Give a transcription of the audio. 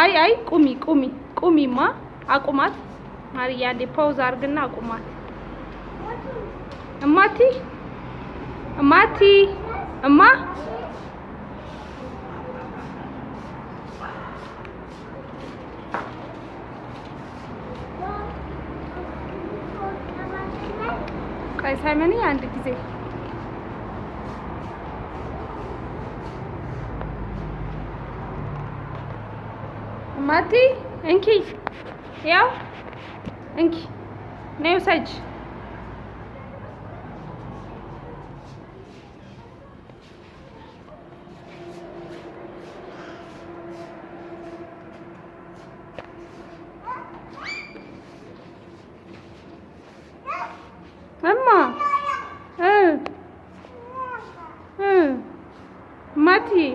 አይ አይ ቁሚ ቁሚ ቁሚማ፣ አቁማት ማርያ፣ አንዴ ፓውዝ አድርግና አቁማት። እማቲ እማቲ እማ ቀይ ሳይመን አንድ ጊዜ ማቲ እንኪ ያው እንኪ ነይ ውሰጅ። እማ እ እ ማቲዬ